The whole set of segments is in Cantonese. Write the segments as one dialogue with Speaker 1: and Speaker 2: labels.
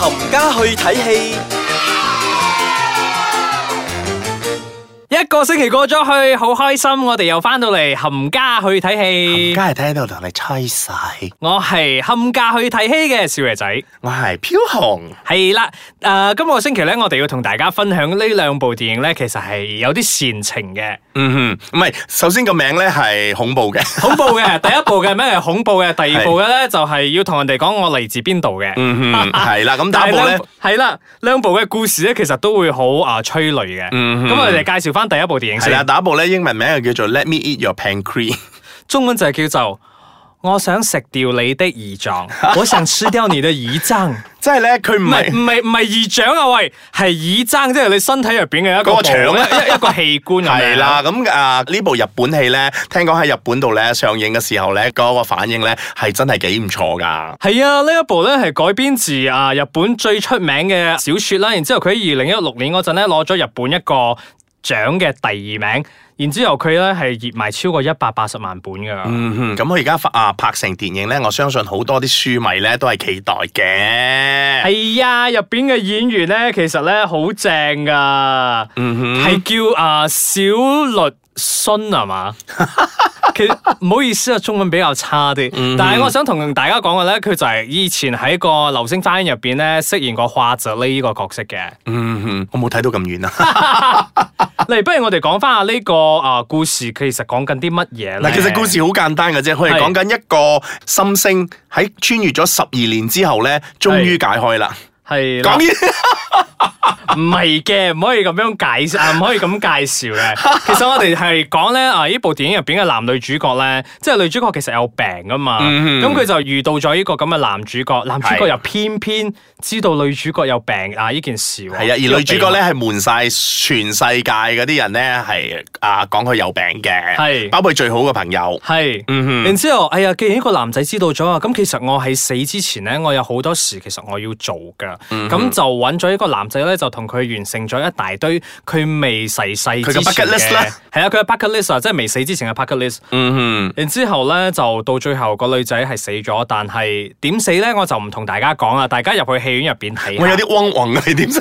Speaker 1: 冚家去睇戲。一個星期過咗去，好開心！我哋又翻到嚟冚家去睇戲。梗係睇到同你吹晒。我係冚家去睇戲嘅少爺仔。我係飄紅。係啦，誒、呃，今個星期咧，我哋要同大家分享呢兩部電影咧，其實係有啲煽情嘅。嗯哼，唔係，首先個名咧係恐怖嘅，恐怖嘅第一部嘅咩係恐怖嘅，第二部嘅咧 就係要同人哋講我嚟自邊度嘅。嗯哼，係啦、啊，咁第一部呢？
Speaker 2: 係啦，兩部嘅故事咧，其實都會好啊催淚嘅。咁、嗯、哼我哋介紹翻。第一部電影係啦，第一部咧，英文名又叫做 Let Me Eat Your Pancreas 中
Speaker 1: 文就係叫做我想食掉你的胰臟。我想吃掉你的胰臟，即係
Speaker 2: 咧，佢唔係唔係唔係胰臟啊？喂，
Speaker 1: 係耳臟，即、就、係、是、你身體入邊嘅一個腸個 一,一
Speaker 2: 個器官咁樣。係啦，咁啊呢部日本戲咧，聽講喺日本度咧上映嘅時候咧，嗰、那個反應咧係真係幾唔錯噶。係啊，呢一部咧係改編
Speaker 1: 自啊日本最出名嘅小說啦，然後之後佢喺二零一六年嗰陣咧攞咗日本一個。獎嘅第二名，然之後佢咧係熱賣超過一百八十萬本噶。嗯哼，
Speaker 2: 咁佢而家啊拍成電影咧，我相信好多啲書迷咧都係期待嘅。
Speaker 1: 係啊、哎，入邊嘅演員咧，其實咧好正噶。嗯哼，係叫啊小律。孫係嘛， 其實唔好意思啊，中文比較差啲，嗯、哼但係我想同大家講嘅咧，佢就係以前喺個流星花園入邊咧飾演個花澤呢個角色嘅。嗯
Speaker 2: 哼，我冇睇到咁遠啊。
Speaker 1: 嚟， 不如我哋講翻下呢、這個啊、呃、故事，其實講緊啲乜嘢咧？其實故事
Speaker 2: 好簡單嘅啫，佢係講緊一個心聲喺穿越咗十二年之後咧，終於解開啦，係講。 唔係嘅，唔 可以咁樣，樣介
Speaker 1: 紹，唔可以咁介紹嘅。其實我哋係講咧啊，呢部電影入邊嘅男女主角咧，即、就、係、是、女主角其實有病㗎嘛。咁佢、嗯、哼就遇到咗呢個咁嘅男主角，男主角又偏偏知道女主角有病啊呢件事。係啊，而女主角咧
Speaker 2: 係瞞晒全世界嗰啲人咧係啊講佢有病嘅，係是包括最好嘅朋友，係，
Speaker 1: 然之後，哎呀，既然呢個男仔知道咗啊，咁其實我喺死之前咧，我有好多事其實我要做噶。咁、嗯、哼就揾咗一個男仔咧就。同佢完成咗一大堆佢未逝世之前嘅，佢嘅 bucket list 咧，係啊，佢嘅 bucket list 啊，即係未死之前嘅 bucket list。嗯哼，然之後咧就到最後個女仔係死咗，但係點死咧，我就唔同大家講啦，大家入去戲院入邊睇。我有啲
Speaker 2: 嗡嗡啊，你點死？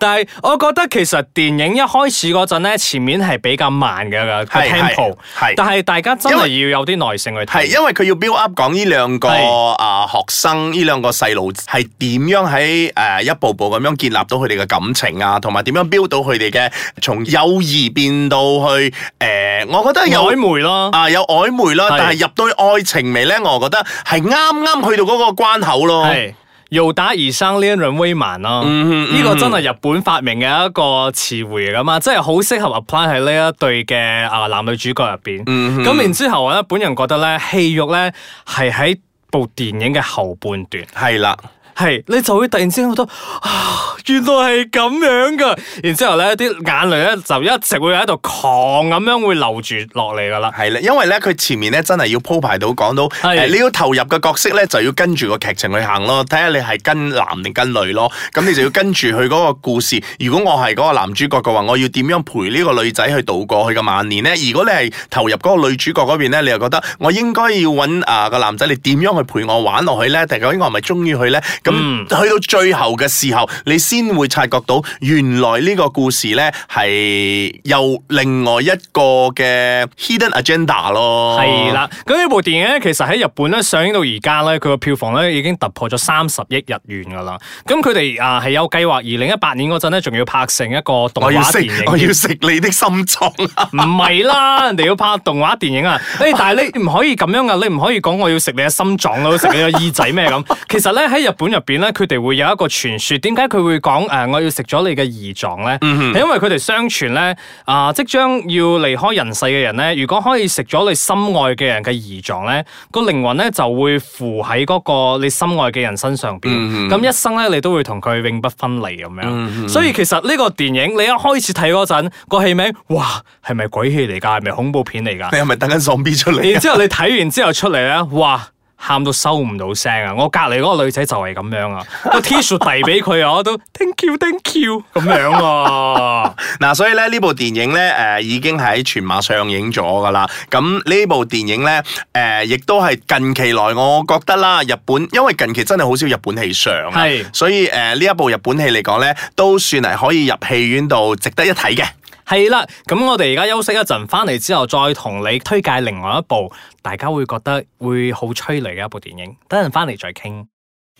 Speaker 1: 但係，我覺得其實電影一開始嗰陣咧，前面係比較慢嘅個 tempo 但係大家真係要有啲耐性去睇，因
Speaker 2: 為佢要 build up 講呢兩個啊是、呃、學生，呢兩個細路係點樣喺誒、呃、一步步咁樣建立到佢哋嘅感情啊，同埋點樣 build 到佢哋嘅從友誼變到去誒、呃，我覺得有，有曖昧咯啊、呃，有曖昧咯，是但係入到愛情未咧，我覺得係啱啱去到嗰個關口咯是。由打而生呢一 o 威 w a 咯，呢、嗯嗯、個真係日本發明
Speaker 1: 嘅一個詞彙嚟噶嘛，即係好適合 apply 喺呢一對嘅啊男女主角入邊。咁、嗯、哼然之後咧，本人覺得咧，戲肉咧係喺部電影嘅後半段。係、嗯、哼啦。係，你就會突然之間覺得啊，原來係咁樣噶。然之後咧，啲眼淚咧就一直會喺度狂咁樣會流住落嚟噶啦。
Speaker 2: 係啦，因為咧佢前面咧真係要鋪排到講到的、呃、你要投入嘅角色咧，就要跟住個劇情去行咯。睇下你係跟男定跟女咯。咁你就要跟住佢嗰個故事。 如果我係嗰個男主角嘅話，我要點樣陪呢個女仔去度過佢嘅晚年咧？如果你係投入嗰個女主角嗰邊咧，你又覺得我應該要揾啊個男仔，你點樣去陪我玩落去咧？定究竟我係咪中意佢咧？咁、嗯、去到最後嘅時候，你先會察覺到原來呢個故事咧係有另外一個嘅 hidden agenda 咯。係啦，
Speaker 1: 咁呢部電影咧，其實喺日本咧上映到而家咧，佢個票房咧已經突破咗三十億日元噶啦。咁佢哋啊係有計劃，二零一八年嗰陣咧仲要拍成一個動畫電影。我要食，我要食你的心臟唔係， 啦，人哋 要拍動畫電影啊！誒， 但係你唔可以咁樣噶，你唔可以講我要食你嘅心臟咯，食你嘅耳仔咩咁？其實咧喺日本，入邊咧，佢哋會有一個傳說，點解佢會講誒、呃，我要食咗你嘅胰臟咧？係、嗯、哼因為佢哋相傳咧，啊、呃，即將要離開人世嘅人咧，如果可以食咗你心愛嘅人嘅胰臟咧，個靈魂咧就會附喺嗰個你心愛嘅人身上邊，咁、嗯、哼一生咧你都會同佢永不分離咁
Speaker 2: 樣。嗯、哼所
Speaker 1: 以其實呢個電影你一開始睇嗰陣個戲名，哇，係咪鬼戲嚟噶？係咪恐怖片嚟噶？係
Speaker 2: 咪等緊喪屍出嚟？ 然之後你
Speaker 1: 睇完之後出嚟咧，哇！喊到收唔到聲啊！我隔籬嗰個女仔就係咁樣啊，個 T 恤遞俾佢啊，我都 Thank you Thank you
Speaker 2: 咁樣啊。嗱、 啊，所以咧呢部電影咧，誒、呃、已經係喺全馬上映咗噶啦。咁呢部電影咧，誒、呃、亦都係近期來，我覺得啦，日本因為近期真係好少日本戲上啊，是所以誒呢、呃、一部日本戲嚟講咧，都算係可以入戲院度值得一睇嘅。係啦，咁我哋而家休息一陣，翻嚟之後再同你
Speaker 1: 推介另外一部大家會覺得會好催淚嘅一部電影。等陣翻嚟再傾，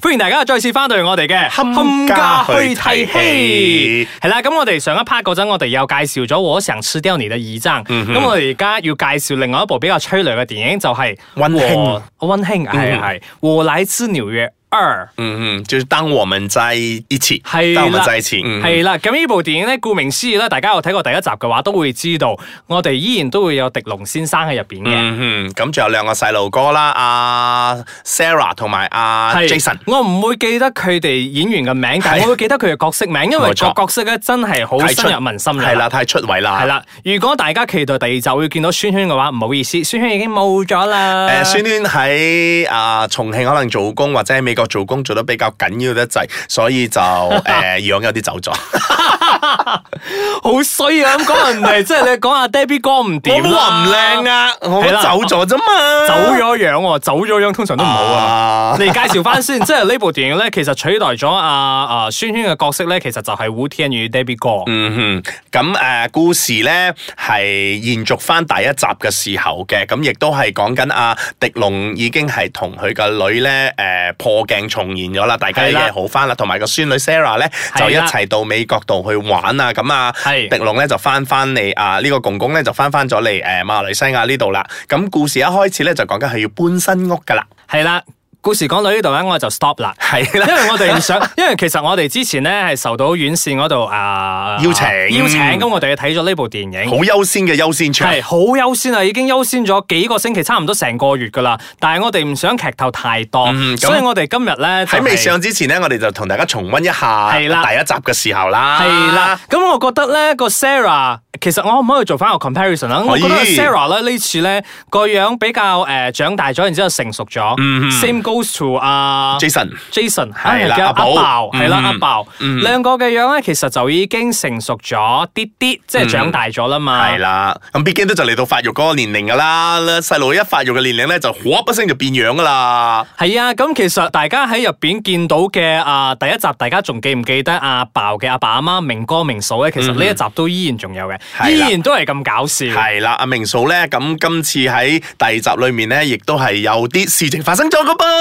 Speaker 1: 歡迎大家再次翻到嚟我哋嘅《冚家去睇戲》。係啦，咁我哋上一 part 嗰陣，我哋又介紹咗《我想吃掉你》嘅胰臟。咁我哋而家要介紹另外一部比較催淚嘅電影，就是，就係《溫馨》《溫馨》係係《我來自紐約》。
Speaker 2: 嗯嗯，就登當我們在一起，係啦了，當我們在一起，係啦。
Speaker 1: 咁呢部電影咧，顧名思義咧，大家有睇過第一集嘅話，都會知道我哋依然都會有迪龍先生喺
Speaker 2: 入邊嘅。嗯，咁仲有兩個細路哥啦，阿、uh, Sarah 同埋阿 Jason。
Speaker 1: 我唔會記得佢哋演員嘅名，但係我會記得佢嘅角色名，因為錯個角色咧真係好深入民心係啦出，太出位啦。係啦，如果大家期待第二集會見到宣萱嘅話，唔好
Speaker 2: 意思，宣萱已經冇咗啦。誒、嗯，宣萱喺啊重慶可能做工，或者喺美國。個做工做得比較緊要得滯，所以就誒樣有啲走咗，
Speaker 1: 好衰、呃、啊！咁講人哋，即係你
Speaker 2: 講阿 Debbie 哥唔掂，我話唔靚啊，走
Speaker 1: 咗啫嘛，走咗樣，走咗樣通常都唔好啊。你介紹翻先，即係呢部電影咧，其實取代咗阿阿宣萱嘅角色咧，其實就係 Wu Tian 與 Debbie 哥。
Speaker 2: 嗯咁誒故事咧係延續翻第一集嘅時候嘅，咁亦都係講緊阿狄龍已經係同佢個女咧誒破。鏡重現咗啦，大家嘢好翻啦，同埋個孫女 Sarah 咧的就一齊到美國度去玩的回回啊！咁啊，迪龍咧就翻翻嚟啊，呢個公公咧就翻翻咗嚟誒馬來西亞呢度啦。咁故事一開始咧就講緊係要搬新屋噶啦。係啦。故事講到呢度咧，我就 stop 啦，係啦，因為我哋唔想，
Speaker 1: 因為其實我哋之前咧係受到院線嗰度啊邀請，邀請咁我哋去睇咗呢部電影，好
Speaker 2: 優先嘅優先場，係好優先啊，已經優
Speaker 1: 先咗幾個星期，差唔多成個月噶啦，但係我哋唔想劇透太多，所以我哋今日
Speaker 2: 咧喺未上之前咧，我哋就同大家重温一下第一集嘅時候啦，係
Speaker 1: 啦，咁我覺得咧個 Sarah，其實我可唔可以做翻個 comparison 啊？我覺得 Sarah 咧呢次咧個樣比較誒長大咗，然之後成熟咗 Goes to 啊，Jason，Jason 係啦，阿寶係啦，阿寶兩個嘅樣咧，其實就已經成熟咗啲啲，即係長大咗啦嘛。係啦，
Speaker 2: 咁畢竟都就嚟到發育嗰個年齡噶啦，細路一發育嘅年齡咧，就嘩一聲就變樣噶啦。
Speaker 1: 係啊，咁其實大家喺入邊見到嘅啊，第一集大家仲記唔記得阿寶嘅阿爸阿媽明哥明
Speaker 2: 嫂咧？其實呢一集都依然仲有嘅，依然都係咁搞笑。係啦，阿明嫂咧，咁今次喺第二集裏面咧，亦都係有啲事情發生咗噶噃。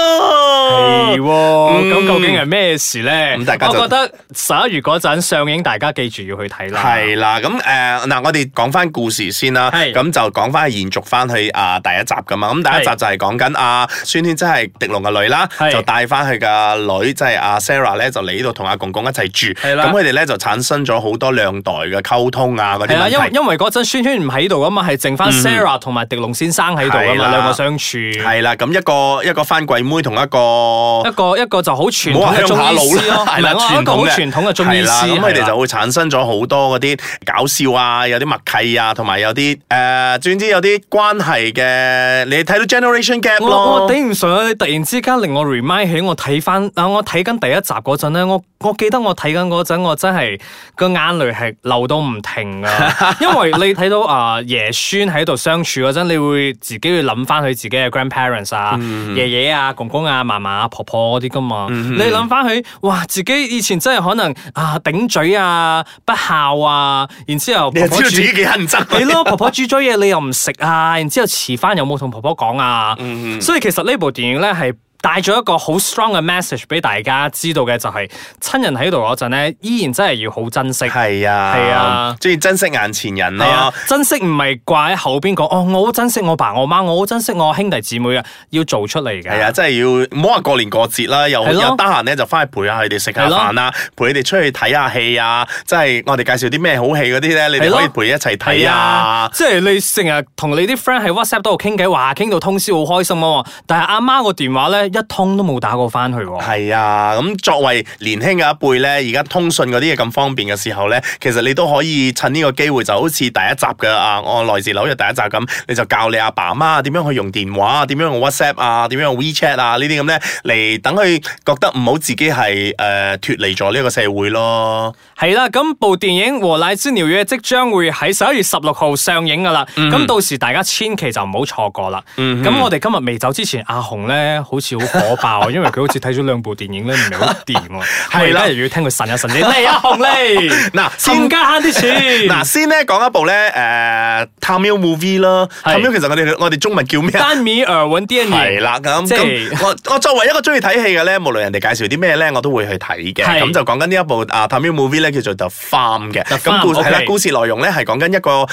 Speaker 2: 係咁究竟係咩事咧？嗯、我覺得十一月嗰陣就上映，大家記住要去睇啦。係啦，咁誒，嗱、呃，我哋講翻故事先啦。咁是的 就講翻延續翻去啊第一集噶嘛。咁第一集就係講緊阿孫軒即係狄龍嘅女啦是的，就帶、是、翻、啊、去嘅女即係阿 Sarah 咧，就嚟呢度同阿公公一齊住。咁佢哋咧就產生咗好多兩代嘅溝通啊，嗰啲啦。因為
Speaker 1: 因為嗰陣孫軒唔喺度啊嘛，係剩翻 Sarah
Speaker 2: 同埋狄龍先生喺度啊嘛，兩是的 個相處係啦。咁一個一個翻鬼，.妹同一個一個一個就好傳統嘅中醫師咯，唔係咪？一個好傳統嘅 啦中醫師。咁佢哋就會產生咗好多嗰啲搞笑啊，有啲默契啊，同埋有啲誒、呃，總之有啲關係嘅。你睇到 generation gap 咯，我頂
Speaker 1: 唔順啊！突然之間，間令我 remind 起我睇翻啊，我睇緊第一集嗰陣咧，我我記得我睇緊嗰陣，我真係個眼淚係流到唔停啊！ 因為你睇到啊、呃、爺孫喺度相處嗰陣，你會自己會諗翻佢自己嘅 grandparents 啊， 爺爺啊。公公啊、嫲嫲啊、婆婆嗰啲㗎嘛，嗯、哼你諗翻起，哇！自己以前真係可能啊頂嘴啊不孝啊，然之後婆婆煮嘢幾狠質，係 咯，婆婆煮咗嘢你又唔食啊，然之後遲翻又冇同婆婆講啊，嗯、哼所以其實呢部電影咧係。帶咗一個好 strong 嘅 message 俾大家知道嘅就係親人喺度嗰陣咧依然真係要好珍惜，係啊係
Speaker 2: 啊，中意珍惜眼前人啊。
Speaker 1: 珍惜唔係掛喺後邊講哦，我好珍惜我爸我媽，我好珍惜我兄弟姊妹啊，要做出嚟嘅，
Speaker 2: 係啊，真係要唔好話過年過節啦，又得閒咧就翻去陪下佢哋食下飯啊，陪佢哋出去睇下戲啊，即係我哋介紹啲咩好戲嗰啲咧，你哋可以陪一齊睇啊，
Speaker 1: 即係你成日同你啲 friend 喺 WhatsApp 度傾偈，話傾到通宵好開心啊，但係阿媽個電話咧。一通都冇打過翻去
Speaker 2: 喎、哦。係啊，咁作為年輕嘅一輩呢，而家通訊嗰啲嘢咁方便嘅時候呢，其實你都可以趁呢個機會，就好似第一集嘅啊《我來自紐約》第一集咁，你就教你阿爸阿媽點樣去用電話，點樣用 WhatsApp 啊，點樣用 WeChat 啊呢啲咁呢，嚟等佢覺得唔好自己係誒脱離咗呢個社會咯。係啦、啊，咁部電
Speaker 1: 影《和奶之紐約》即將會喺十一月十六號上映噶啦，咁、嗯、哼到時大家千祈就唔好錯過啦。咁、嗯、哼我哋今日未走之前，阿紅呢好似。好火爆，啊，因為佢好似睇咗兩部電影咧，唔係好掂喎。係啦，又要聽佢呻一呻嘢，嚟啊紅嚟。嗱，先加慳啲錢。嗱，先
Speaker 2: 咧講一部咧，誒《Tamil movie》啦，《Tamil》其實我哋我哋中文叫咩？丹米爾·文蒂。係啦，咁即係我我作為一個中意睇戲嘅咧，無論人哋介紹啲咩咧，我都會去睇嘅。咁就講緊呢一部啊《Tamil movie》咧，叫做《The Farm》嘅。咁故係故事內容咧係講緊一個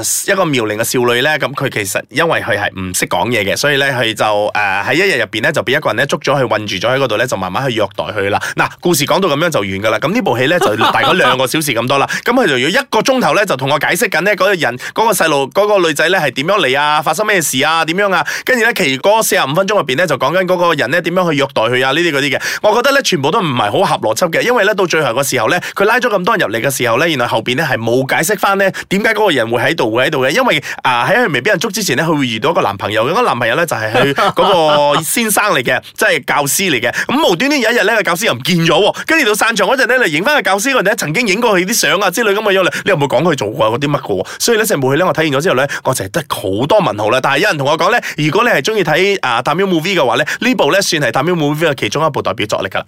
Speaker 2: 誒一個妙齡嘅少女咧。咁佢其實因為佢係唔識講嘢嘅，所以咧佢就誒喺一日入邊。就俾一個人咧捉咗，去，韞住咗喺嗰度咧，就慢慢去虐待佢啦。嗱、啊，故事講到咁樣就完噶啦。咁呢部戲咧就大概兩個小時咁多啦。咁佢就要一個鐘頭咧，就同我解釋緊呢嗰個人、嗰、嗰個細路、嗰、嗰個女仔咧係點樣嚟啊？發生咩事啊？點樣啊？跟住咧，其餘嗰四十五分鐘入邊咧就講緊嗰個人咧點樣去虐待佢啊？呢啲嗰啲嘅，我覺得咧全部都唔係好合邏輯嘅，因為咧到最後嘅時候咧，佢拉咗咁多人入嚟嘅時候咧，原來後邊咧係冇解釋翻呢點解嗰個人會喺度會喺度嘅，因為啊喺佢未俾人捉之前咧，佢會遇到一個男朋友嘅，嗰個男朋友咧就係、係、去嗰、嗰個先。 生嚟嘅，即係教師嚟嘅。咁無端端有一日咧，個教師又唔見咗，跟住到散場嗰陣咧嚟影翻個教師，我哋咧曾經影過佢啲相啊之類咁嘅樣咧。你有冇講佢做過嗰啲乜嘅？所以呢成部戲咧，我睇完咗之後咧，我淨係得好多問號啦。但係有人同我講咧，如果你係中意睇啊《探秘 movie》嘅話咧，呢部咧算係《探秘 movie》嘅其中一部代表作嚟噶啦。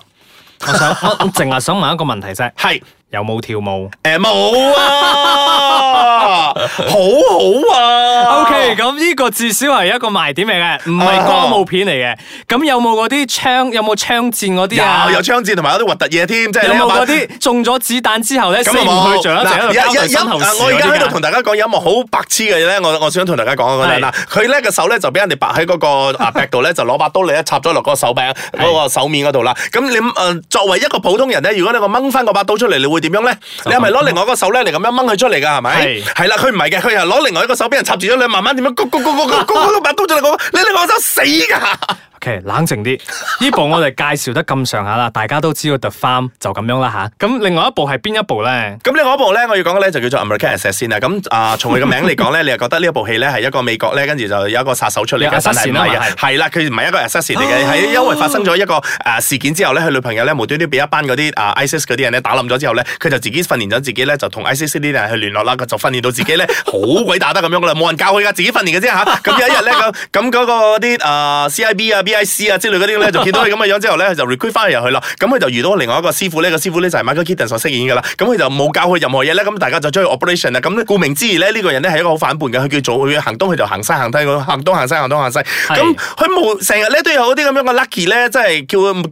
Speaker 1: 我想， 我淨係想問一個問題啫。係。 有冇跳舞？誒冇啊， 好好啊。OK，咁呢個至少係一個賣點嚟嘅，唔係歌舞片嚟嘅。咁有冇嗰啲槍？有冇槍
Speaker 2: 戰嗰啲啊？有槍戰同埋有啲核突嘢添，即係呢有冇嗰啲
Speaker 1: 中咗子彈之後咧？咁啊， 嗱，一陣在陣在陣在陣、一、我而家喺度同
Speaker 2: 大家講有一幕好白痴嘅嘢咧，我我想同大家講嗰陣啦，佢咧是個手咧 就俾人哋拔喺嗰個啊柄度咧，就攞把刀嚟插咗落嗰個手柄嗰 個手面嗰度啦。咁你誒、呃，作為一個普通人咧，如果你我掹翻個把刀出嚟，你會？點樣咧？你係咪攞另外一個手咧嚟，咁樣掹佢出嚟噶？係咪？係啦，佢唔係嘅，佢係攞另外一個手俾人插住咗，你慢慢點樣割割割割割割刀咗你，你你我想死噶！
Speaker 1: OK，冷靜啲。呢部我哋介紹得咁上下啦，大家都知道 The Farm 就咁樣啦嚇。咁、啊、另外一部係邊一部咧？
Speaker 2: 咁 另外一部咧，我要講嘅咧就叫、是、做 American Assassin 啦。咁啊，從佢嘅名嚟講咧，你又覺得呢一部戲咧係一個美國咧，跟住就有一個殺手出嚟嘅，真係唔係嘅？係啦，佢唔係一個人 assassin 嚟嘅，係因為發生咗一個誒事件之後咧，佢女朋友咧無端端俾一班嗰啲啊 ISIS 嗰啲人咧打冧咗之後咧，佢就自己訓練咗自己咧，就同 ISIS 啲人去聯絡啦，佢就訓練到自己咧好鬼打得咁樣噶啦，冇人教佢噶，自己訓練嘅啫吓，咁、啊、 有一日咧咁咁嗰個啲啊 CIB 啊 C.I.C. 啊之類嗰啲咧， 就見到佢咁嘅樣之後咧，就 recruit 翻佢入去啦。咁佢就遇到另外一個師傅，呢個師傅咧就係 Michael Keaton 所飾演嘅啦。咁、嗯、佢就冇教佢任何嘢咧。咁大家就將佢 operation 啊。咁、嗯、顧名之義咧，呢、這個人咧係一個好反叛嘅。佢叫做佢行東佢就行西行低佢行東行西行東行西。咁佢冇成日咧都有啲咁樣嘅 lucky 咧，即、就、係、是、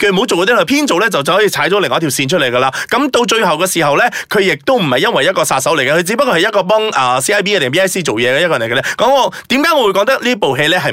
Speaker 2: 叫叫唔好做嗰啲啦。偏做咧就就可以踩咗另外一條線出嚟噶啦。咁、嗯、到最後嘅時候咧，佢亦都唔係因為一個殺手嚟嘅，佢只不過係一個幫啊 C.I.B. 定 B.I.C. 做嘢嘅一個人嚟嘅咧。咁我點解我會覺得部呢部戲咧係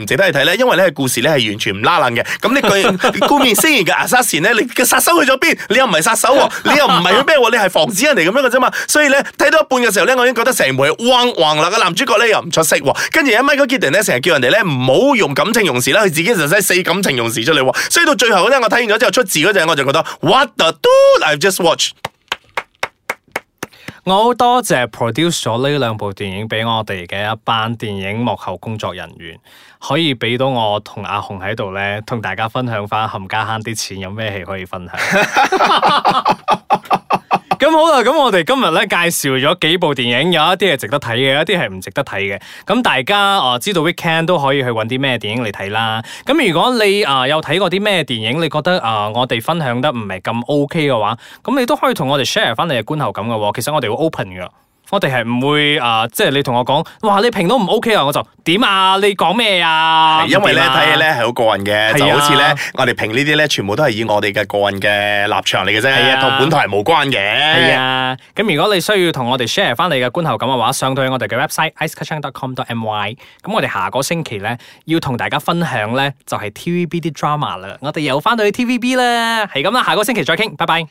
Speaker 2: 能嘅，咁 呢句冠冕鮮然嘅 Assassin 呢？你嘅殺手去咗邊？你又唔係殺手喎，啊，你又唔係咩喎？你係防止人嚟咁樣嘅啫嘛。所以呢，睇到一半嘅時候呢，我已經覺得成盤橫橫立個男主角呢又唔出色喎。跟住一咪九傑登咧成日叫人哋呢唔好用感情用事啦，佢自己就使死感情用事出嚟喎。所以到最後咧，我睇完咗之後出字嗰陣，我就覺得 What the do I've just watch？
Speaker 1: 我好多謝 produce 咗呢兩部電影俾我哋嘅一班電影幕後工作人員，可以俾到我同阿紅喺度呢，同大家分享翻冚家慳啲錢有咩戲可以分享。 好啦，咁我哋今日咧介紹咗幾部電影，有一啲係值得睇嘅，有一啲係唔值得睇嘅。咁大家啊、呃，知道 Weekend 都可以去搵啲咩電影嚟睇啦。咁如果你啊有睇過啲咩電影，你覺得啊、呃、我哋分享得唔係咁 OK 嘅話，咁你都可以同我哋 share 翻你嘅觀後感嘅。其實我哋會 open 㗎。我哋係唔會啊、呃，即係你同我講，哇，你評都唔 OK 啊，我就點啊，你講咩啊？因為咧，睇嘢咧係
Speaker 2: 好個人嘅，啊、就好似咧，我哋評呢啲咧，全部都係以我哋嘅個人嘅立場嚟嘅啫，同、啊、本台係無關嘅。
Speaker 1: 係啊，咁如果你需要同我哋 share 翻你嘅觀後感嘅話，上到去我哋嘅 website icekacang.com.my。咁我哋下個星期咧要同大家分享咧就係、是、TVB 啲 drama 啦。我哋又翻到去 TVB 啦，係咁啦，下個星期再傾，拜拜。